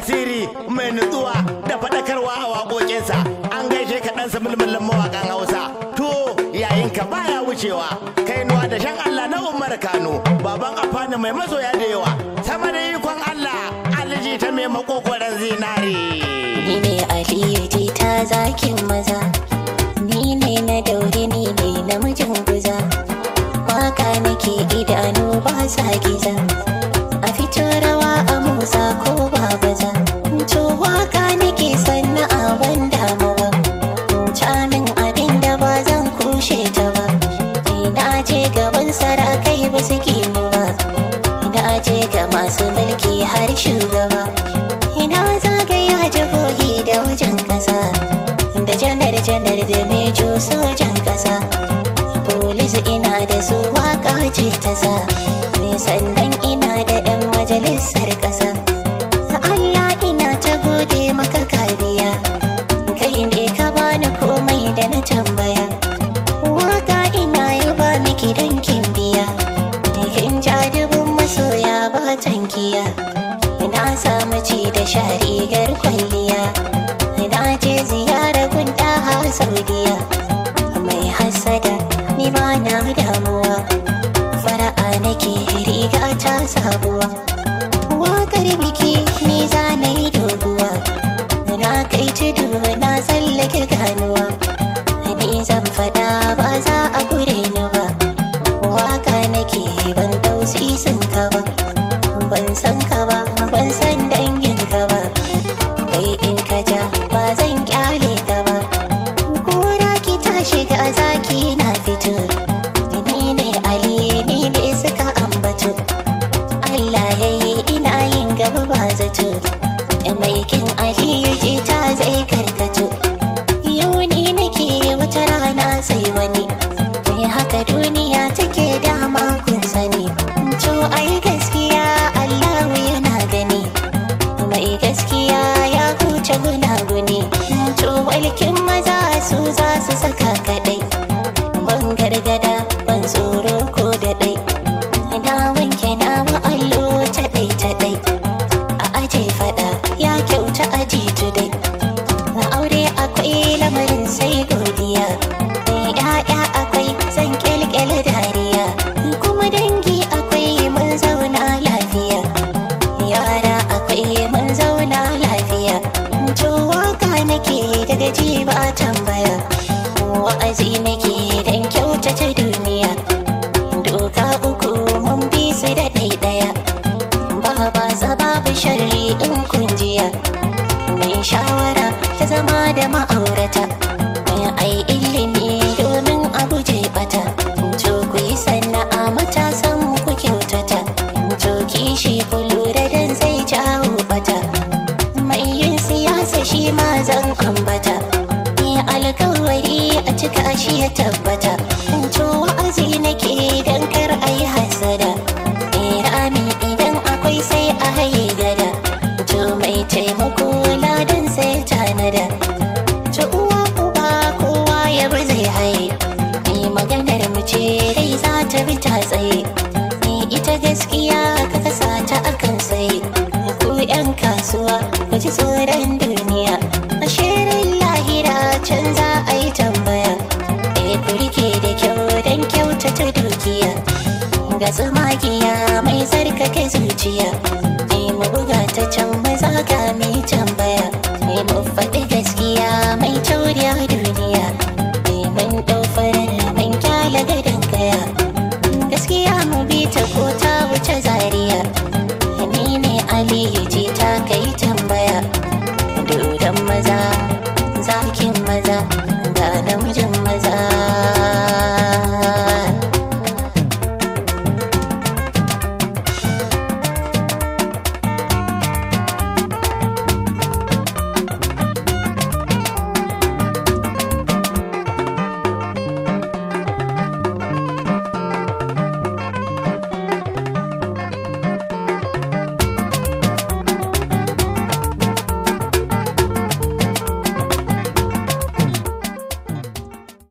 tasiri mai nutsuwa da faɗakarwa a waƙoƙinsa an gaishe ka ɗansa mawaƙan hausa to yayin ka baya wucewa kainuwa da shan allah na umar kano baban afani mai masoya da yawa sama da ikon allah aliji ta mai makokoran zinare ni ne aliyu ta zakin maza ni ne na daure ni ne namijin guza waka nake idanu ba sa giza a fito rawa a musa. ko gaban sarakai ba su mu ba na je ga masu mulki har shugaba ina zagaya a jihohi da wajen kasa da janar janar da mejo sojan kasa polis ina da su waka ce ta sa sannan ina da yan majalisar kasa Allah ina ta gode maka kariya kai ne ka bani komai da na tambaya da shari'ar kwalliya na je ziyara gunda har saudiya mai hasada ni ba na damuwa fara'a nake riga ta sabuwa wakar biki ni yi doguwa na kai tudu na tsallake ganuwa ni zan fada ba za a gure ni ba waka nake ban dausi sun ka ba ban san ka ba ban san dai ai gaskiya Allahu yana gani mai gaskiya ya huce gunaguni to mulkin maza su za su saka kaɗai ban gargada ban tsoro ko daɗai dai na wanke nama allo taɗaitaɗai dai a aje fada ya kyauta aji tudai a aure akwai lamarin sai ba tambaya wa'azi nake dan kyautata duniya doka uku mun bi su da ɗaiɗaya ba ba babu sharri in kunjiya mai shawara ta zama da ma'aurata ai ilimi shi ya tabbata to wa'azi nake dan kar ayi hasada eh rami idan akwai sai a haye gada to mai taimako ladan sai tanada to uwa uba kowa ya bar zai haye ni maganar mu ce rai za ta bi ta tsaye ni ita gaskiya ka kasa ta akan sai ku yan kasuwa ku ji tsoron duniya ashirin lahira can za a yi ta ga su mai sarkake zuciya ne mu buga ta can maza zaga mai tambaya. mu faɗi gaskiya mai tauriya duniya ne mun ɗau farar kyala gadon kaya gaskiya mu bi ta ko ta wuce zariya ni ne aliyu ji ta kai tambaya dudan maza